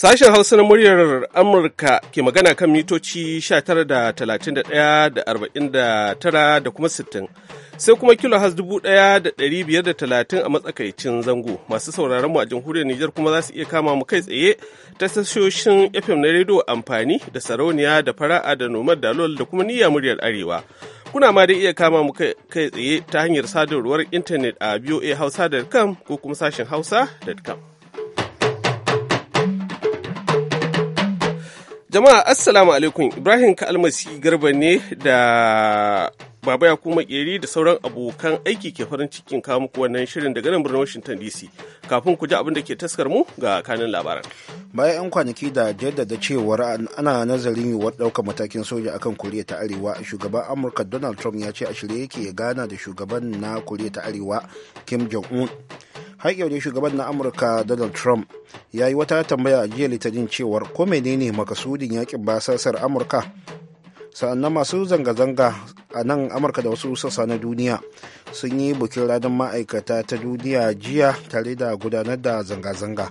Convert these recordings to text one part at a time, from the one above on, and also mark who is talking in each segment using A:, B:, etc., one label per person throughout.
A: Sashen Hausa na muryar Amurka ke magana kan mitoci 19 da kuma 60. Sai kuma kilo has 1,530 a matsakaicin zango. Masu sauraron mu a jamhuriyar Nijar kuma za su iya kama mu kai tsaye ta tashoshin FM na rediyo amfani da sarauniya da fara'a da nomad dalol da kuma niyya muryar Arewa. Kuna ma da iya kama mu kai tsaye ta hanyar sadarwar intanet a voahausa.com ko kuma sashen hausa.com. Jama'a Assalamu alaikum Ibrahim Kalmasi Garba ne da Baba ya kuma ƙeri da sauran abokan aiki ke farin cikin kawo wannan shirin daga nan birnin Washington DC. Kafin ku ji abin da ke taskar mu ga kanin labaran.
B: Bayan 'yan kwanaki da jaddada cewar ana nazarin yiwuwar ɗaukar matakin soja akan Koriya ta Arewa, shugaban Amurka Donald Trump ya ce a shirye yake ya gana da shugaban na Koriya ta Arewa Kim Jong-un. Har yau shugaban na Amurka Donald Trump ya yi wata tambaya a jiya litinin cewar ko menene makasudin yakin basasar Amurka sa'annan masu zanga-zanga a nan amurka da wasu sassa na duniya sun yi bukin ranar ma'aikata ta duniya jiya tare da gudanar da zanga-zanga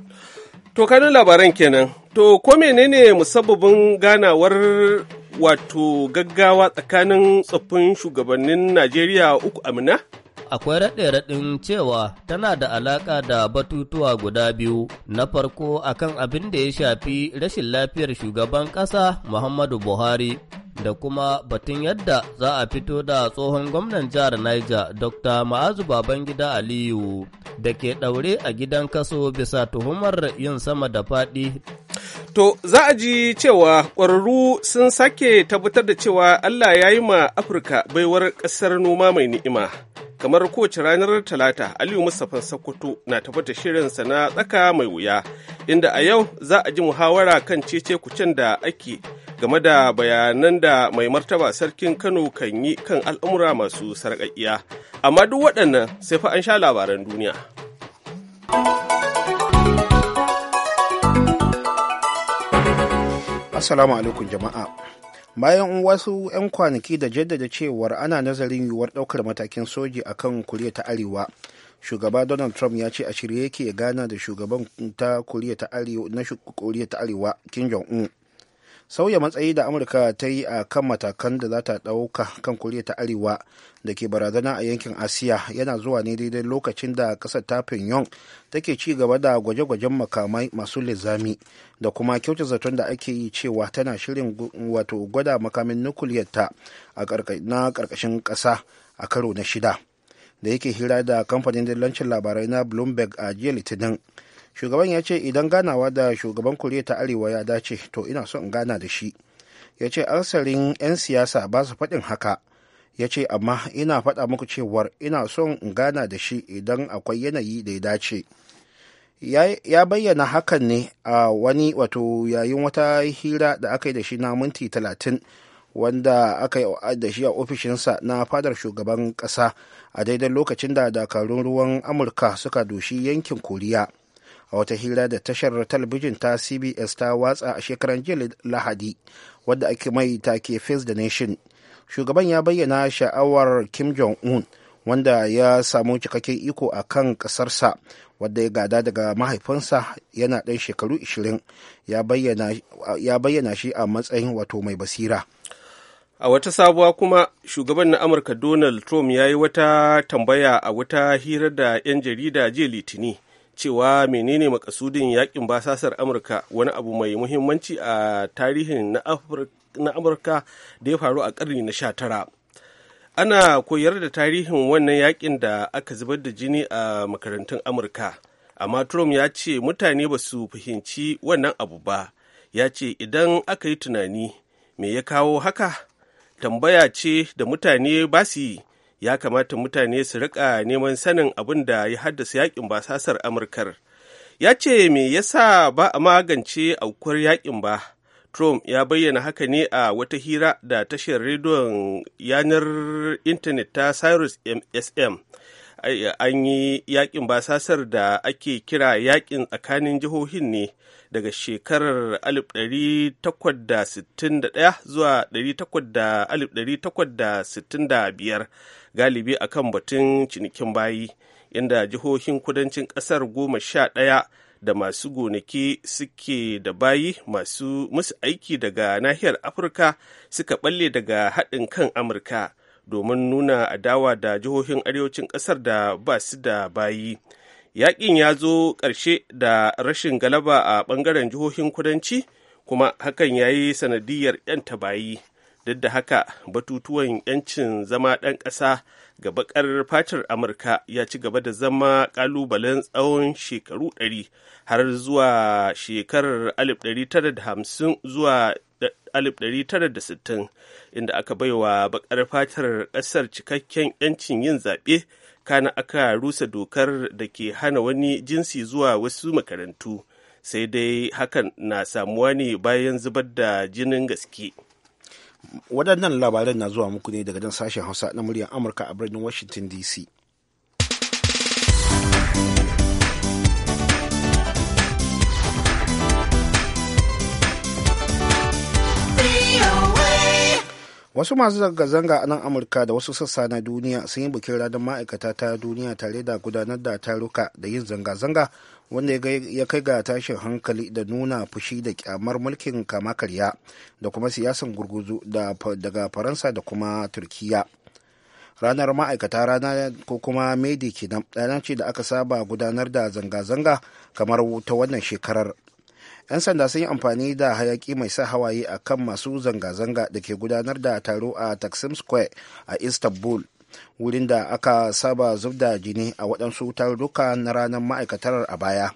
A: to kanin labaran kenan to ko menene musabbabin ganawar wato gaggawa tsakanin tsoffin shugabannin najeriya uku amina
C: akwai raɗe-raɗin cewa tana da alaƙa da batutuwa guda biyu na farko akan abin da ya shafi rashin lafiyar shugaban ƙasa Muhammadu Buhari da kuma batun yadda za a fito da tsohon gwamnan jihar Niger Dr. Ma'azu Babangida Aliyu da ke ɗaure a gidan kaso bisa tuhumar yin sama da faɗi. To, za a ji
A: cewa ƙwararru sun sake tabbatar da cewa Allah ya yi ma Afirka baiwar ƙasar noma mai ni'ima. kamar kowace ranar talata aliyu mustapha sokoto na tafi da shirinsa na tsaka mai wuya inda a yau za a ji muhawara kan cece kucen da ake game da bayanan da mai martaba sarkin kano kan yi kan al'amura masu sarƙaƙiya amma duk waɗannan sai fa an sha labaran duniya
B: assalamu alaikum jama'a bayan wasu 'yan kwanaki da jaddada cewar ana nazarin yiwuwar ɗaukar matakin soji a kan kuriya ta arewa shugaba donald trump ya ce a shirye yake gana da shugaban ta ta arewa na kuriya ta arewa kim jong un sauya matsayi da amurka ta yi a kan matakan da za ta ɗauka kan koriya ta arewa da ke barazana a yankin asiya yana zuwa ne daidai lokacin da ƙasar ta pyongyang take ci gaba da gwaje-gwajen makamai masu linzami da kuma kyauta zaton da ake yi cewa tana shirin wato gwada makamin nukuliyarta na karkashin ƙasa a karo na shida da yake hira da kamfanin dillancin labarai na bloomberg a jiya litinin shugaban ya ce idan ganawa da shugaban koriya ta arewa ya dace to ina so in gana da shi ya ce arsarin 'yan siyasa ba su faɗin haka ya ce amma ina faɗa muku cewar ina son in gana da shi idan akwai yanayi da ya dace ya bayyana hakan ne a wani wato yayin wata hira da aka yi da shi na minti talatin wanda aka yi da shi a ofishinsa na fadar shugaban ƙasa a daidai lokacin da dakarun ruwan amurka suka doshi yankin koriya a wata hira da tashar talabijin ta cbs ta watsa a shekaran jiya lahadi wadda ake mai take face the nation shugaban ya bayyana sha'awar kim jong-un wanda ya samu cikakken iko a kan kasarsa wadda ya gada daga mahaifinsa yana ɗan shekaru 20 ya bayyana shi a matsayin wato mai basira
A: a wata sabuwa kuma shugaban na amurka donald trump ya yi wata tambaya a wata hira da 'yan jarida jiya litini cewa menene makasudin yakin basasar amurka wani abu mai muhimmanci a tarihin na amurka da ya faru a karni na 19 ana koyar da tarihin wannan yakin da aka zubar da jini a makarantun amurka amma trump ya ce mutane ba su fahimci wannan abu ba ya ce idan aka yi tunani me ya kawo haka tambaya ce da mutane ba su yi ya kamata mutane su rika neman sanin abin da ya haddasa yakin basasar amurkar ya ce me yasa ba a magance aukuwar yakin ba trump ya bayyana haka ne a wata hira da tashar rediyon yanar intanet ta cyrus msm an yi yakin basasar da ake kira yakin tsakanin jihohin ne daga shekarar 1861 zuwa 1865 galibi a kan batun cinikin bayi inda jihohin kudancin kasar goma sha ɗaya da masu gonaki suke da bayi masu musu aiki daga nahiyar afirka suka balle daga haɗin kan amurka domin nuna adawa da jihohin arewacin ƙasar da ba su da bayi yaƙin ya zo ƙarshe da rashin galaba a ɓangaren jihohin kudanci kuma hakan ya yi sanadiyar 'yan tabayi duk da haka batutuwan 'yancin zama ɗan ƙasa ga bakar fatar amurka ya ci gaba da zama ƙalubalen tsawon shekaru ɗari har zuwa shekarar 1950 zuwa 1960 inda aka baiwa bakar fatar ƙasar cikakken 'yancin yin zaɓe kana aka rusa dokar da ke hana wani jinsi zuwa wasu makarantu sai dai hakan na samuwa ne bayan zubar da
B: jinin gaske waɗannan labaran na zuwa muku ne daga nan sashen hausa na muryar amurka a birnin washington dc wasu masu zanga-zanga a nan amurka da wasu sassa na duniya sun yi bikin ranar ma'aikata ta duniya tare da gudanar da taruka da yin zanga-zanga wanda ya kai ga tashin hankali da nuna fushi da kyamar mulkin kama karya da kuma siyasan gurguzu daga faransa da kuma turkiya ranar ma'aikata rana ko kuma medi kenan ce da aka saba gudanar da zanga-zanga kamar ta wannan shekarar 'yan sanda sun yi amfani da hayaki mai sa hawaye a kan masu zanga-zanga da ke gudanar da taro a taksim square a istanbul wurin da aka saba zub jini a waɗansu taruka na ranar ma'aikatar a baya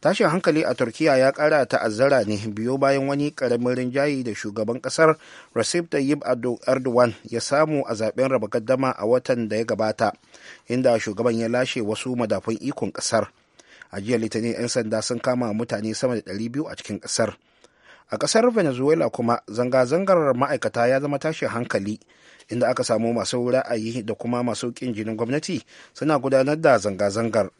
B: tashin hankali a turkiya ya ƙara ta'azzara ne biyo bayan wani ƙaramin rinjaye da shugaban ƙasar recep tayyip erdogan ya samu a zaben raba gaddama a watan da ya gabata inda shugaban ya lashe wasu madafun ikon ƙasar. a jiya litinin 'yan sanda sun kama mutane sama da 200 a cikin ƙasar a ƙasar venezuela kuma zanga-zangar ma'aikata ya zama tashin hankali inda aka samu masu ra'ayi da kuma masu ƙin jinin gwamnati suna gudanar da zanga-zangar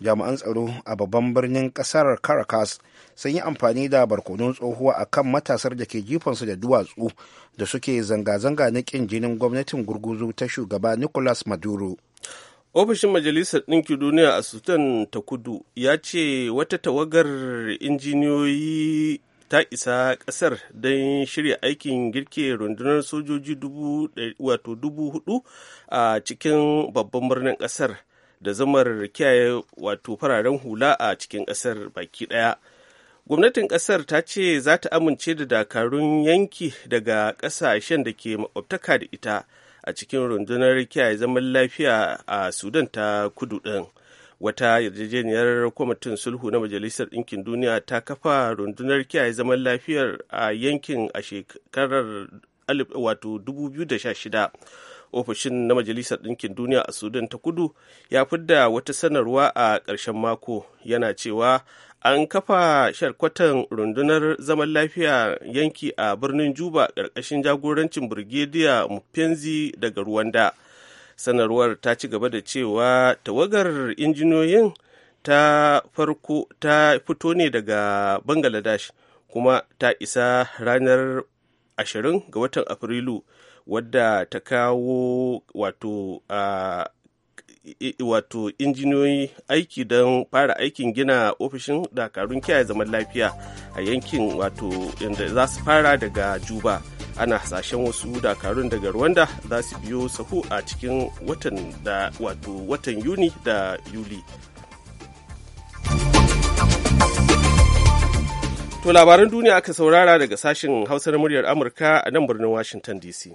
B: jami'an tsaro a babban birnin ƙasar caracas sun yi amfani da barkonon tsohuwa a kan matasar da ke jifansu da duwatsu da suke zanga-zanga na ƙin jinin gwamnatin gurguzu ta shugaba nicolas maduro
A: ofishin majalisar ɗinkin duniya a sudan ta kudu ya ce wata tawagar injiniyoyi ta isa ƙasar don shirya aikin girke rundunar sojoji dubu hudu a cikin babban birnin ƙasar da zamar kiyaye wato fararen hula a cikin ƙasar baki ɗaya gwamnatin ƙasar ta ce za ta amince da dakarun yanki daga ƙasashen da ke makwabtaka da ita a cikin rundunar kiyaye zaman lafiya a sudan ta kudu ɗin wata yarjejeniyar kwamitin sulhu na majalisar ɗinkin duniya ta kafa rundunar kiyaye zaman lafiyar a yankin a shekarar 2016 ofishin na majalisar ɗinkin duniya a sudan ta kudu ya fidda wata sanarwa a ƙarshen mako yana cewa an kafa sharkwatan rundunar zaman lafiya yanki a birnin juba ƙarƙashin jagorancin birgediya mupenzi daga ruwanda sanarwar ta ci gaba da cewa tawagar injiniyoyin ta farko ta fito ne daga bangladesh kuma ta isa ranar 20 ga watan afrilu wadda ta kawo wato ah, wato injiniyoyi aiki don fara aikin gina ofishin dakarun kiyaye zaman lafiya a yankin wato inda za su fara daga juba ana hasashen wasu dakarun daga rwanda za su biyo sahu a cikin watan da wato watan yuni da yuli to labaran duniya aka saurara daga sashen hausa na muryar amurka a nan birnin washington dc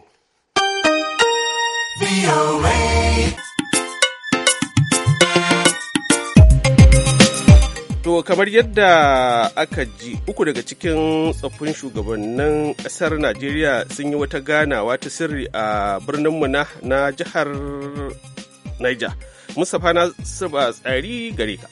A: To kamar yadda aka ji uku daga cikin tsoffin shugabannin ƙasar Najeriya sun yi wata ganawa ta sirri a birnin Muna na jihar Niger. Mustapha na saba tsari gare ka.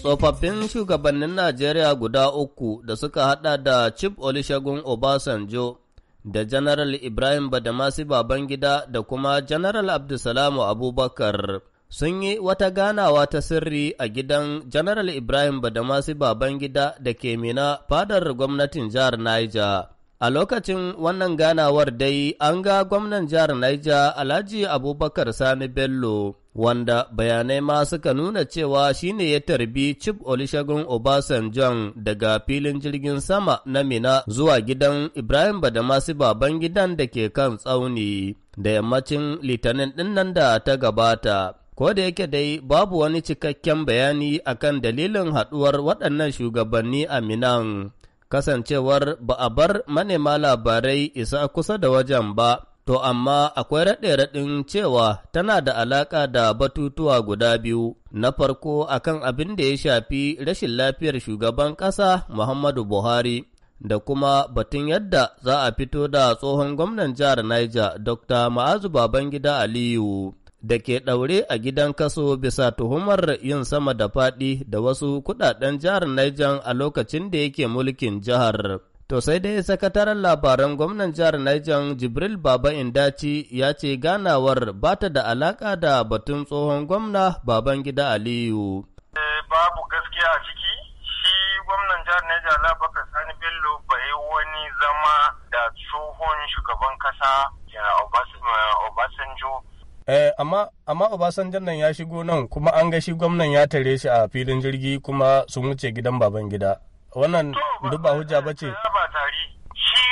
C: Tsofaffin shugabannin Najeriya guda uku da suka hada da Chief Olusegun Obasanjo da General Ibrahim Badamasi Babangida da kuma General Abdulsalamu Abubakar. sun yi wata ganawa ta sirri a gidan Janaral Ibrahim Badamasi Babangida da ke mina fadar gwamnatin jihar Niger. A lokacin wannan ganawar dai an ga gwamnan jihar Niger Alhaji Abubakar Sani Bello, wanda bayanai ma suka nuna cewa shine ya tarbi chip Olusegun obasanjon daga filin jirgin sama na Mina zuwa gidan Ibrahim Badamasi baban gidan da ke kan tsauni da yammacin litinin ɗinnan da ta gabata. Ko da yake dai babu wani cikakken bayani akan dalilin haɗuwar waɗannan shugabanni a Minan, kasancewar ba a bar manema labarai isa kusa da wajen ba, to amma akwai raɗe-raɗin cewa tana da alaƙa da batutuwa guda biyu, na farko akan abin da ya shafi rashin lafiyar shugaban ƙasa Muhammadu Buhari. da kuma batun yadda za a fito da tsohon gwamnan jihar Niger Dr. Ma'azu Babangida Aliyu da ke ɗaure a gidan kaso bisa tuhumar yin sama da faɗi da wasu kuɗaɗen jihar Niger a lokacin da yake mulkin jihar. To sai dai sakataren labaran gwamnan jihar Niger Jibril Baba Indaci ya ce ganawar ba ta da alaƙa da batun tsohon gwamna baban gida Aliyu. Eh,
A: babu gaskiya
D: a ciki, shi gwamnan jihar Niger Labaka Sani Bello bai wani zama
E: da tsohon shugaban kasa eh, Obasanjo
C: Eh, amma amma Obasanjan nan ya shigo nan kuma an ga shi gwamnan ya tare shi a filin jirgi kuma sun wuce gidan baban gida. Wannan duk ba hujja ba ce. Ba tari shi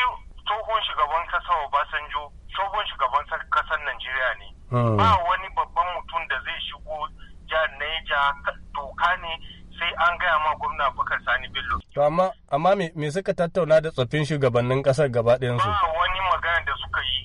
C: tsohon shugaban kasa Obasanjo tsohon shugaban kasar Najeriya ne. Hmm. Ba wani babban
E: mutum da zai shigo jihar Neja
A: doka ne sai
C: an gaya ma gwamna Bakar Sani Bello. To amma amma me suka tattauna da tsoffin shugabannin kasar gaba ɗayan su? Ba wani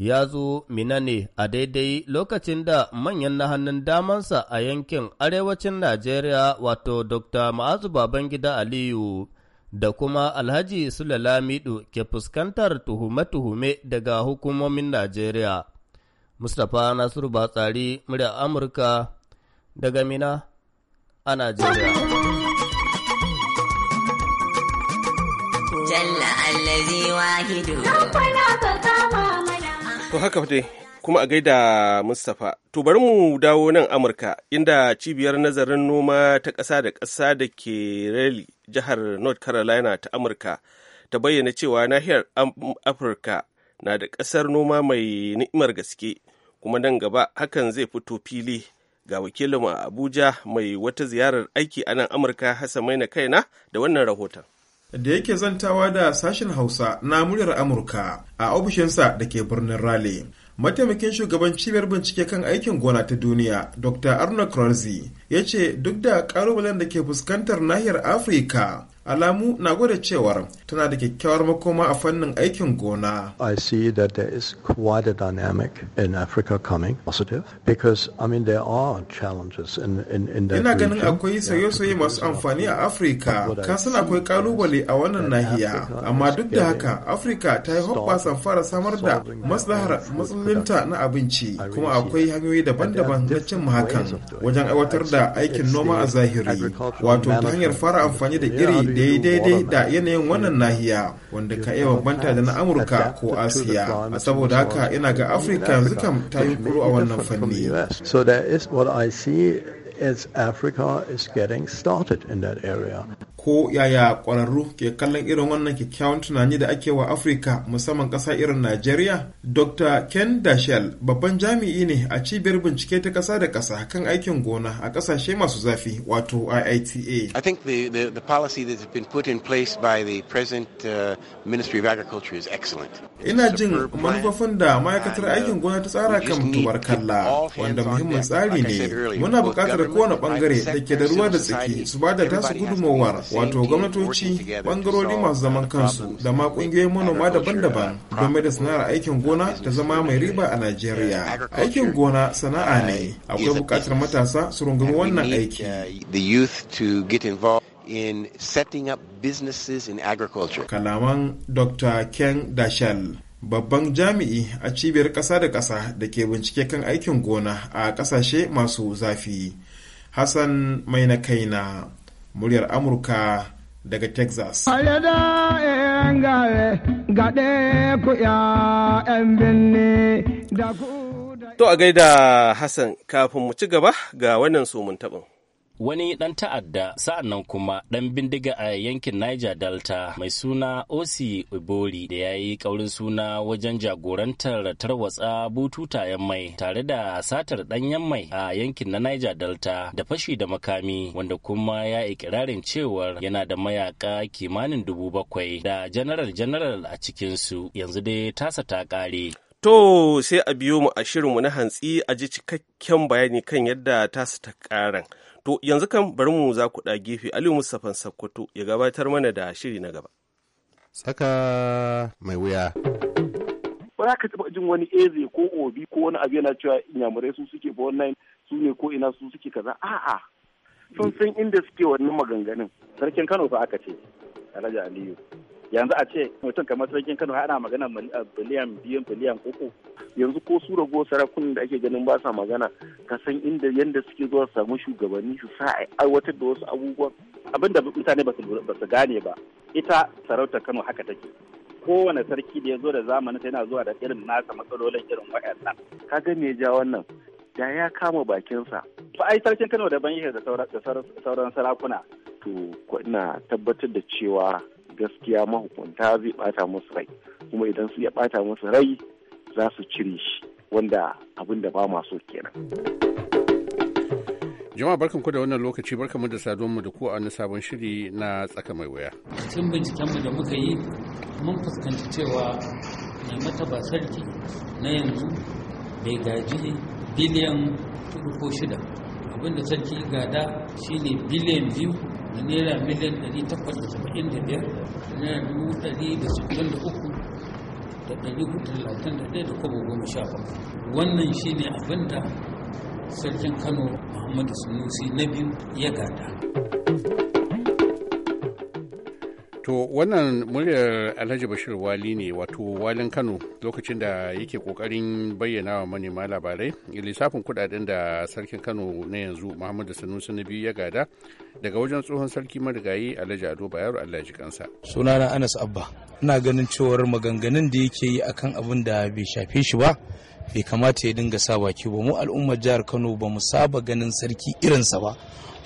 C: ya zo Mina ne a daidai lokacin da manyan na hannun damansa a yankin arewacin Najeriya wato Dr. Ma'azu Babangida Aliyu da kuma Alhaji Sulalamidu ke fuskantar tuhume-tuhume daga hukumomin Najeriya. Mustapha Nasiru Batsari, murya Amurka daga Mina a Najeriya.
B: Jalla allazi
C: wahidu. Nan kwana ta kama
A: To haka dai kuma a gaida Mustapha. To bari mu dawo nan Amurka inda cibiyar nazarin noma ta ƙasa da ƙasa da ke Raleigh jihar North Carolina ta Amurka ta bayyana cewa nahiyar Afirka na da ƙasar noma mai ni'imar gaske kuma nan gaba hakan zai fito fili ga wakilinmu a Abuja mai wata ziyarar aiki a nan Amurka Hassan Maina kaina da wannan rahoton.
E: da yake zantawa da sashen hausa na muryar amurka a ofishinsa da ke birnin raleigh mataimakin shugaban cibiyar bincike kan aikin gona ta duniya dr arnold Kronzi ya ce duk da ƙalubalen da ke fuskantar nahiyar afirka alamu na gwada cewar tana da kyakkyawar makoma a fannin aikin gona.
C: I see that there is quite a dynamic in Africa coming positive
F: because I mean there are challenges in in, in that Ina ganin akwai
E: sauye-sauye masu amfani a Afirka, kasan akwai kalubale a wannan nahiya, amma duk da haka Afirka ta yi hoɓɓasan fara samar da maslahar matsalolinta na abinci kuma akwai hanyoyi daban-daban na cin hakan wajen aiwatar da aikin noma a zahiri, wato ta hanyar fara amfani da iri da dai daidai da yanayin wannan nahiya wanda ka iya bambanta da na amurka ko asiya a saboda haka ina ga afirka yanzu kam ta yi kuro a wannan fanni
F: is getting started in that area.
E: ko yaya ƙwararru ke kallon irin wannan kyakkyawan tunani da ake wa afirka musamman ƙasa irin najeriya dr ken dashel babban jami'i ne a cibiyar bincike ta ƙasa da kasa kan aikin gona a ƙasashe masu zafi wato iita i think the, the, the policy that has been put in place by the present uh, ministry of agriculture is excellent ina jin manufofin da ma'aikatar uh, aikin gona ta tsara kan tubar kalla wanda muhimmin tsari ne muna buƙatar kowane bangare da ke da ruwa da tsaki su ba da tasu gudunmowar wato gwamnatoci bangarori masu zaman kansu da ma kungiyoyin manoma daban-daban don da sana'ar aikin gona ta zama mai riba a najeriya aikin gona sana'a ne akwai bukatar matasa su rungumi wannan aiki uh, in setting up businesses in agriculture. Kalaman Dr. Ken Dashal, babban jami'i a cibiyar ƙasa da ƙasa da ke bincike kan aikin gona a ƙasashe masu zafi. Hassan Mai kaina. muryar amurka daga texas to a gaida
C: hassan kafin mu ci gaba ga wannan sumun taɓin wani ɗan ta'adda sa'an nan kuma ɗan bindiga a yankin Niger Delta mai suna Osi Ibori da ya yi ƙaurin suna wajen jagorantar tarwatsa yan mai tare da satar ɗanyen mai a yankin na Niger Delta da fashi da makami wanda kuma ya ikirarin cewar yana da mayaka kimanin dubu bakwai da janaral janaral a cikinsu yanzu dai tasa ta ƙare.
A: To sai a biyo mu a shirinmu na hantsi a ji cikakken bayani kan yadda tasa ta ƙaran. To yanzu kan bari mu za ku gefe Aliyu Mustapha Sakkwato ya gabatar mana da shiri na gaba.
F: Saka mai wuya.
D: Ba za ka taɓa jin wani eze ko obi ko wani abu yana cewa inyamurai su suke ba wannan su ne ko ina su suke kaza a'a sun san inda suke wannan maganganun sarkin Kano fa aka ce Alhaji Aliyu yanzu a ce mutum kamar sarkin kano ana magana eh, biliyan biyu biliyan uku yanzu ko su rago sarakun da ake ganin ba sa magana ka san inda yanda suke zuwa samu shugabanni su sa a aiwatar da wasu abubuwan abinda mutane ba su gane ba ita sarautar kano haka take kowane sarki da ya zo da zamanin yana zuwa da irin nasa matsalolin irin waɗannan ka ga me ja wannan da ya kama bakinsa fa ai sarkin Kano daban yake da sauran sarakuna to ina tabbatar da cewa gaskiya mahukunta zai bata musu rai kuma idan su ya bata masu rai za su cire shi wanda abin da ba masu kenan.
F: jama'a barkan ku da wannan lokaci barkan mu da saduwar mu da ku a wani sabon shiri na tsaka mai wuya.
D: cikin bincikenmu da muka yi mun fuskanci cewa mai mataba sarki na yanzu
F: bai gaji
C: biliyan hudu ko shida abinda sarki gada shine biliyan biyu da naira miliyan 875 da naira 163
D: da 431 da kwabo goma sha wannan shi ne abinda sarkin kano muhammadu sunusi na biyu ya gada.
F: To wannan muryar Alhaji Bashir Wali ne wato walin Kano lokacin da yake kokarin bayyana wa manema labarai lissafin kudaden da sarkin Kano na yanzu Muhammadu Sanusi na biyu ya gada daga wajen tsohon sarki marigayi Alhaji Ado Bayero Allah ji kansa.
D: Sunana Anas Abba ina ganin cewar maganganun da yake yi akan abin da bai shafe shi ba bai kamata ya dinga sa baki ba mu al'ummar jihar Kano ba mu saba ganin sarki irinsa ba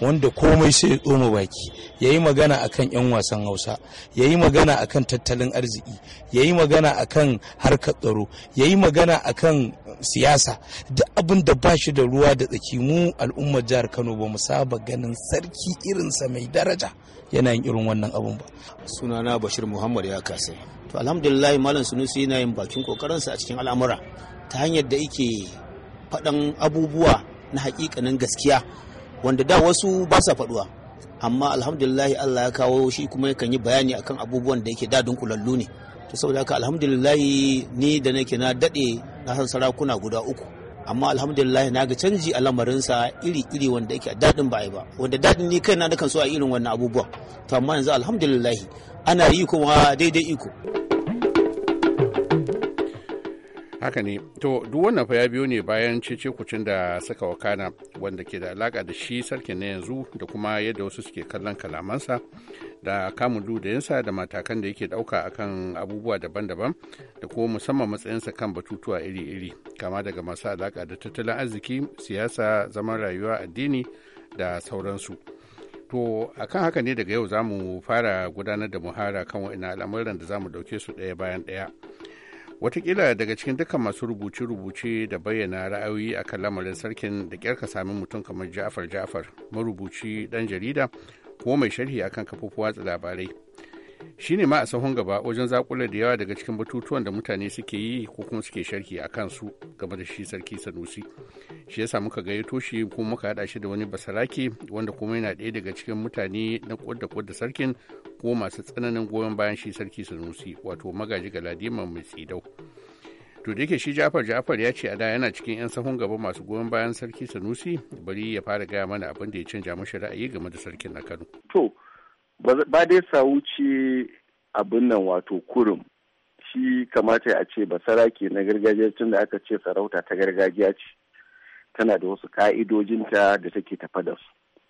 D: wanda komai sai ya tsoma baki ya yi magana a kan 'yan wasan hausa ya yi magana a kan tattalin arziki ya yi magana a kan harkar tsaro ya yi magana a kan siyasa duk abin da ba shi da ruwa da tsaki mu al'ummar jihar kano ba mu saba ganin sarki irinsa mai daraja yana
B: yin irin wannan abun ba sunana bashir muhammad ya kasa to alhamdulillah malam sunusi yana yin bakin kokarinsa a cikin al'amura ta hanyar da yake faɗan abubuwa na hakikanin gaskiya wanda da wasu ba sa faduwa amma alhamdulillah Allah ya kawo shi kuma yakan yi bayani akan abubuwan da yake daɗin kullallu ne to saboda haka alhamdulillah ni da nake na dade na san sarakuna guda uku amma alhamdulillah na ga canji a lamarinsa iri-iri wanda yake dadin ba ba wanda daɗin ni kaina nakan so a irin wannan abubuwa to amma yanzu alhamdulillah ana yi kuma daidai iko
F: haka ne to duk wannan fa ya biyo ne bayan cece kucin da suka wakana wanda ke da alaka da shi sarkin na yanzu da kuma yadda wasu suke kallon kalamansa da kamun ludayinsa da matakan da yake dauka akan abubuwa daban-daban da kuma musamman matsayinsa kan batutuwa iri-iri kama daga masu alaka da tattalin arziki siyasa zaman rayuwa addini da sauransu to akan haka ne daga yau za mu fara gudanar da muhara kan wa'ina al'amuran da za mu ɗauke su ɗaya bayan ɗaya watakila daga cikin dukkan masu rubuce-rubuce da bayyana ra'ayoyi a kan lamarin sarkin da kyar ka sami mutum kamar ja'afar ja'afar marubuci dan jarida ko mai sharhi akan kafofin watsa labarai shi ne ma a sahun gaba wajen zakula da yawa daga cikin batutuwan da mutane suke yi ko kuma suke sharki a kansu game da shi sarki sanusi shi yasa muka gayyato shi kuma muka haɗa shi da wani basarake wanda kuma yana daya daga cikin mutane na kwadda kwadda sarkin ko masu tsananin goyon bayan shi sarki sanusi wato magaji ga galadima mai tsidau to da yake shi jafar jafar ya ce a da yana cikin 'yan sahun gaba masu goyon bayan sarki sanusi bari ya fara gaya mana abin da ya canja mashi ra'ayi game da sarkin na kano to
D: ba dai sa wuce abin nan wato kurum shi kamata a ce ba saraki na gargajiya tun da aka ce sarauta ta gargajiya ce tana da wasu ka'idojinta da take tafa da su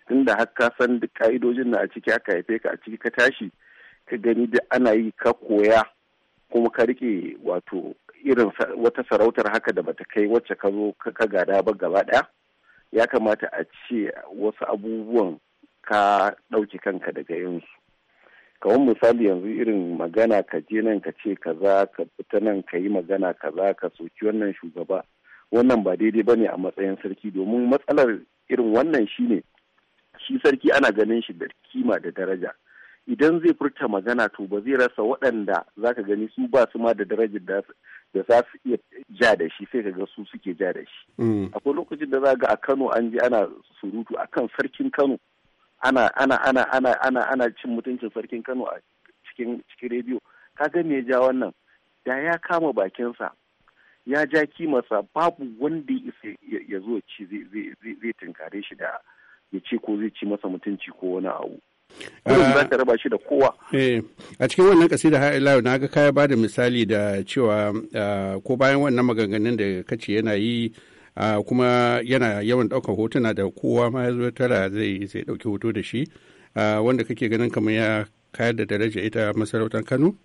D: tun da har ka san duk ka'idojin na a ciki aka haife ka a ciki ka tashi ka gani da ana yi ka koya kuma ka rike wato irin wata sarautar haka da bata kai wacce ka zo ka gada ba gaba ɗaya ya kamata a ce wasu abubuwan ka ɗauki kanka daga yinsu kamar misali yanzu irin magana ka je nan ka ce za ka fita nan ka yi magana ka za ka soki wannan shugaba wannan ba daidai ba ne a matsayin sarki domin matsalar irin wannan shi ne shi sarki ana ganin shi da kima da daraja idan zai furta magana to ba zai rasa waɗanda za ka gani su ba su ma da darajar da za su iya ja da shi sai ka ga su suke ja da shi mm. akwai lokacin da za ga a kano an je ana surutu akan sarkin kano ana ana ana ana ana ana cin mutuncin sarkin Kano a cikin cikin rediyo kaga me ja wannan da ya kama bakinsa ya ja kimarsa babu wanda ya zo ci zai tinkare shi da ya ce ko zai ci masa mutunci ko wani abu ah.
F: eh, A cikin wannan kasida har ila na ga kaya ba da misali da cewa ah, ko bayan wannan maganganun da kace yana yi kuma yana yawan ɗaukar hotuna da kowa ma ya zo tara zai zai ɗauki hoto da shi wanda kake ganin kamar ya kayar da daraja ita masarautar kano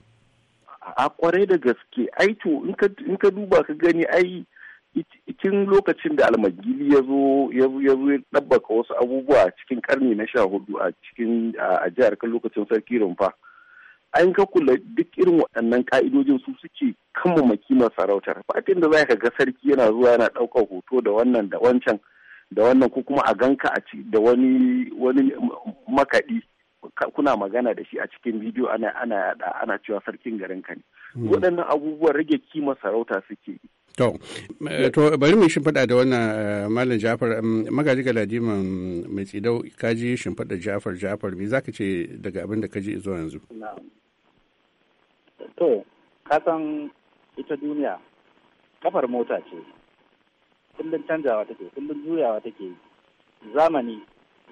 F: a kwarai da
D: gaske ai to in ka duba ka gani ai cikin lokacin da almagili ya zo ya ɗabbaka wasu abubuwa cikin karni na sha hudu a cikin a jihar kan lokacin sarki rumfa an ka kula duk irin waɗannan ka'idojin su suke kama kimar sarautar fatin da za ka ga sarki yana zuwa yana ɗaukar hoto da wannan da wancan da wannan ko kuma a ganka a ci da wani wani makaɗi kuna magana da shi a cikin bidiyo ana ana yada ana cewa sarkin garin ka ne hmm. waɗannan abubuwan rage kima sarauta suke
F: to eh, to bari mu shimfiɗa da wannan eh, malam Jafar mm, magaji galadiman mm, mai tsidau kaji shimfiɗa Jafar Jafar me zaka ce daga abinda da kaji zuwa yanzu
D: to kasan ita duniya kafar mota ce kullum canjawa take kullum juyawa take zamani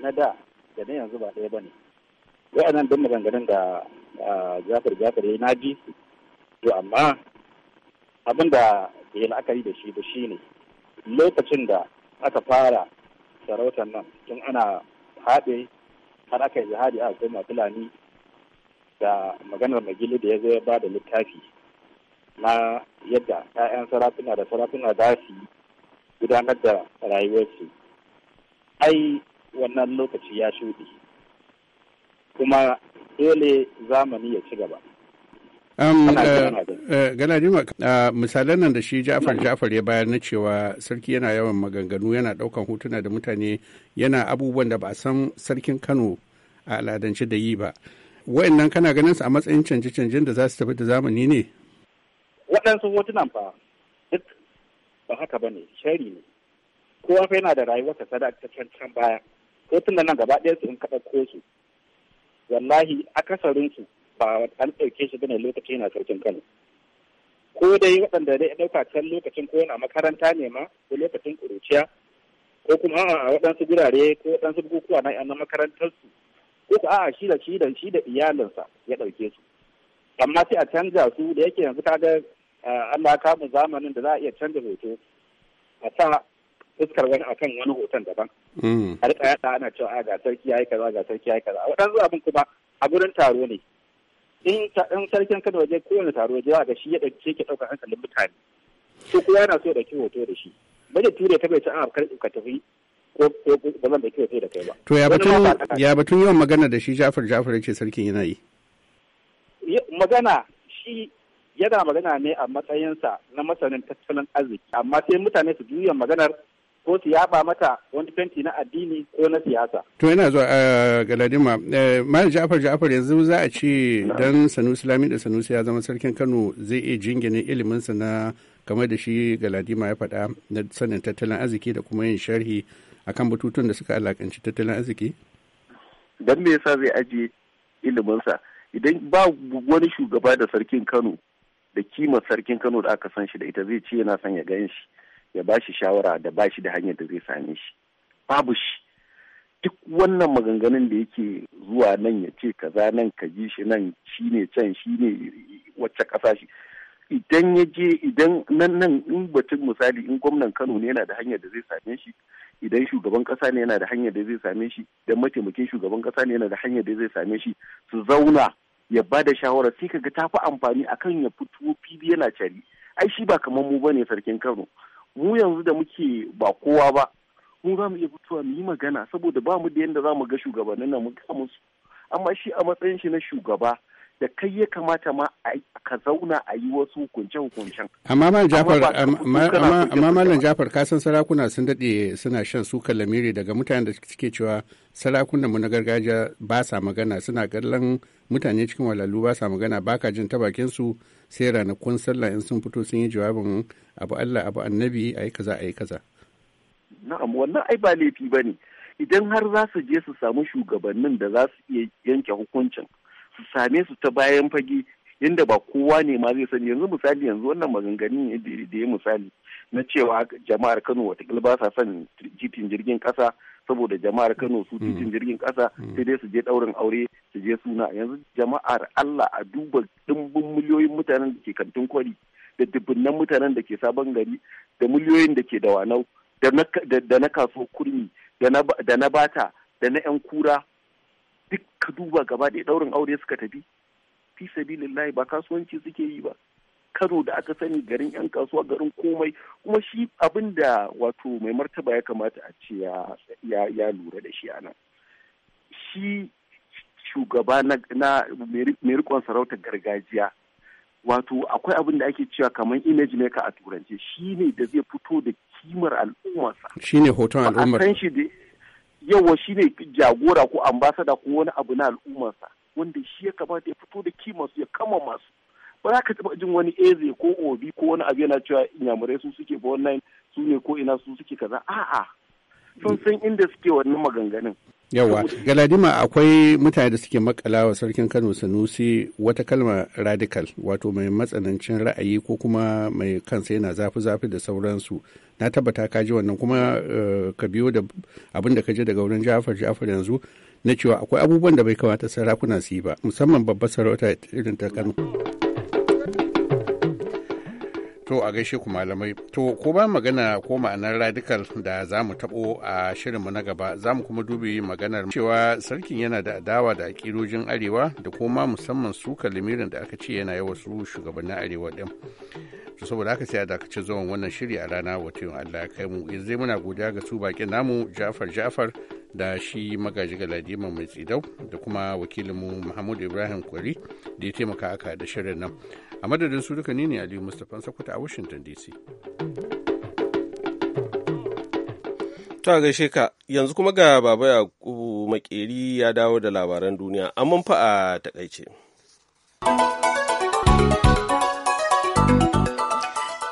D: na da da na yanzu ba ɗaya ba ne wa'annan duk maganganun da jafar jafar ya na ji to amma abin da ya la'akari da shi da shi ne lokacin da aka fara sarautar nan tun ana haɗe har aka yi jihadi kai koma fulani da maganar magili da ya zo ya bada littafi na yadda 'ya'yan sarafina da sarafina za su gudanar da rayuwarsu ai wannan lokaci ya shuɗe kuma dole zamani ya ci gaba
F: Um, eh, Galadima, eh, misalan nan da shi Ja'far Ja'far ya bayar na cewa sarki yana yawan maganganu yana daukan hotuna da mutane yana abubuwan da ba a san sarkin Kano a al'adance da yi ba. waɗannan kana ganin su a matsayin canje-canjen da za su tafi da zamani ne
D: waɗansu hotunan fa duk ba haka ba ne shari ne kowa fa yana da rayuwarsa ta da ta can baya da nan gaba ɗaya su in ka ɗauko su wallahi akasarin su ba an ɗauke shi bane lokacin yana sarkin kano ko dai waɗanda dai ɗauka can lokacin ko yana makaranta ne ma ko lokacin ƙuruciya ko kuma a waɗansu gurare ko waɗansu bukukuwa na makarantar su ko ka a'a shi da shi da shi da iyalinsa ya ɗauke su amma sai a canza su da yake yanzu ga eh, Allah ka mu zamanin da za a iya canza hoto a sa fuskar wani akan wani hoton daban
C: mm. a rika
D: yada ana cewa a ga sarki yayi kaza ga sarki yayi kaza waɗansu abin kuma a gurin taro ne in sarkin kada waje kowane taro waje ga shi ya ɗauke ke ɗaukar hankalin mutane su kowa yana so ya ɗauki hoto da shi bada ture ta bai ci a ka tafi ko kyau sai da kai ba. To ya
F: batun yawan magana da shi Jafar Jafar ya ce sarkin yana yi.
D: Magana shi yana magana ne a matsayinsa na masanin tattalin arziki amma sai mutane su juya maganar ko su yaba mata wani fenti na addini ko na siyasa.
F: To yana zuwa a Galadima, eh, Malam Ja'far Ja'far yanzu za a ce dan Sanusi Lami da Sanusi ya zama sarkin Kano zai iya jingine iliminsa na kamar da shi Galadima ya faɗa na sanin tattalin arziki da kuma yin sharhi akan batutun da suka alakanci tattalin arziki?
D: don me yasa zai ajiye iliminsa idan ba wani shugaba da sarkin Kano da kimar sarkin Kano da aka san shi da ita zai ce yana son ya gan shi ya ba shi shawara da ba shi da hanyar da zai same shi babu shi duk wannan maganganun da yake zuwa nan ya ce kaza nan ka ji shi nan shi ne can shi ne wacce kasa shi idan ya je idan nan nan in batun misali in gwamnan kano ne yana da hanyar da zai same shi idan shugaban kasa ne yana da hanyar da zai same shi idan mataimakin shugaban kasa ne yana da hanyar da zai same shi su zauna ya ba da shawara sai kaga ta fi amfani akan ya fito fili yana cari ai shi ba kamar mu bane sarkin Kano mu yanzu da muke ba kowa ba mu za mu iya fitowa mu yi magana saboda ba mu da yadda za mu ga shugabannin nan mu ga musu amma shi a matsayin shi na shugaba da kai ya kamata ma ka zauna a yi wasu hukunce-hukuncen.
F: Amma Malam Jafar, amma ka san sarakuna sun daɗe suna shan suka lamiri daga mutanen da suke cewa sarakunan mu na gargajiya ba sa magana suna kallon mutane cikin walalu ba sa magana ba ka jin ta bakin su sai ranakun sallah in sun fito sun yi jawabin abu Allah abu annabi ayi kaza ayi kaza.
D: Na'am wannan ai ba laifi bane idan har za su je su samu shugabannin da za su iya yanke hukuncin su same su ta bayan fage yadda ba kowa ne ma zai sani yanzu misali yanzu wannan maganganun da ya misali na cewa jama'ar kano watakila ba sa son titin jirgin kasa saboda jama'ar kano su mm. titin jirgin kasa mm. sai dai su je daurin aure su je suna yanzu jama'ar allah a duba dimbin miliyoyin mutanen da ke kantin kwari da dubunnan mutanen da ke sabon gari da miliyoyin da ke da wanau da na kaso kurmi da na bata da na yan kura duk ka duba gaba ɗaya ɗaurin aure suka tafi fi sabilillahi ba kasuwanci suke yi ba kano da aka sani garin yan kasuwa garin komai kuma shi abin da wato mai martaba ya kamata a ce ya lura da shi a nan shi shugaba na mai rikon sarautar gargajiya wato akwai abin da ake cewa kamar image maker a turance shi ne da zai fito da kimar al'ummarsa
F: shi ne hoton al'ummar
D: yau shi ne jagora ko ambasada ko wani abu na al'ummarsa wanda shi ya kamata ya fito da kimarsu ya kama masu ba za ka taɓa jin wani eze ko obi ko wani abu yana cewa inyamurai su suke ba wannan su ne ko ina su suke kaza a'a sun san inda suke wannan maganganun
F: yawa galadima akwai mutane da suke makala wa sarkin kano sanusi wata kalma radical wato mai matsanancin ra'ayi ko kuma mai kansa yana zafi-zafi da sauransu na tabbata ka ji wannan kuma eh, ka biyo da abin da ka je daga wurin jafar jafar yanzu na cewa akwai abubuwan da bai kamata sarakuna su yi ba musamman babbar sarauta irin ta kano To a gaishe ku malamai. To ko ba magana ko ma'anar radical da za mu taɓo a shirin mu na gaba za mu kuma dubi maganar cewa sarkin yana da adawa da akirojin arewa da kuma musamman su kalimirin da aka ce yana yawa su shugabannin arewa ɗin. To saboda haka sai a dakace zuwan wannan shiri a rana wata yin Allah ya kai mu. Yanzu muna godiya ga su bakin namu Jafar Jafar da shi magaji ga galadima mai tsidau da kuma wakilinmu Muhammadu Ibrahim Kwari da ya taimaka aka da shirin nan. a madadin su duka nini ne aliyu mustapha sakuta a washington dc
A: ta gaishe ka yanzu kuma ga baba yakubu makeri ya dawo da labaran duniya amma fa a takaice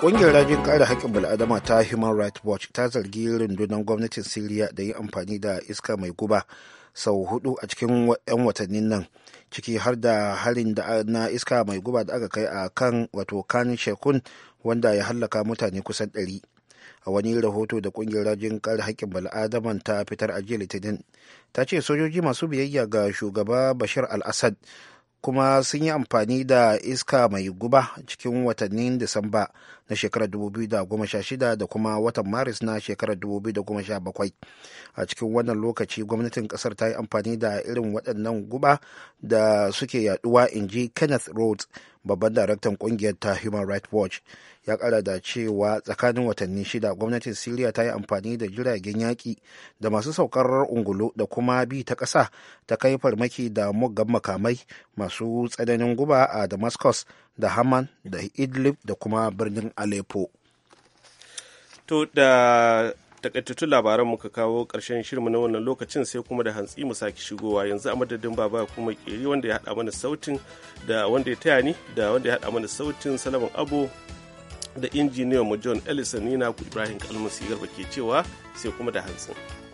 F: Ƙungiyar rajin kare haƙƙin
B: bil'adama ta Human Rights Watch ta zargi rundunar gwamnatin Siriya da yin amfani da iska mai guba sau hudu a cikin 'yan watannin nan ciki har da harin da na iska mai guba da aka kai a kan wato kan shekun wanda ya hallaka mutane kusan ɗari a wani rahoto da kungiyar rajin kare haƙƙin bal'adaman ta fitar a jiya litinin ta ce sojoji masu biyayya ga shugaba bashir al-assad kuma sun yi amfani da iska mai guba cikin watannin disamba na shekarar 2016 da kuma watan maris na shekarar 2017 a cikin wannan lokaci gwamnatin kasar ta yi amfani da irin waɗannan guba da suke yaduwa in ji kenneth rhodes babban daraktan kungiyar ta human rights watch ya kara da cewa tsakanin watanni shida gwamnatin siriya ta yi amfani da jiragen yaƙi da masu saukar ungulu da kuma bi ta ƙasa ta kai farmaki da muggan makamai masu tsananin guba a damascus da haman da idlib da kuma birnin aleppo
A: to da takaitattun labaran muka kawo ƙarshen shirin na wannan lokacin sai kuma da hantsi mu sake shigowa yanzu a madadin baba kuma keri wanda ya haɗa mana sautin da wanda ya taya ni da wanda ya haɗa mana sautin salaman abu da injiniyan mu john ellison ni na ku ibrahim kalmasi garba ke cewa sai kuma da hantsi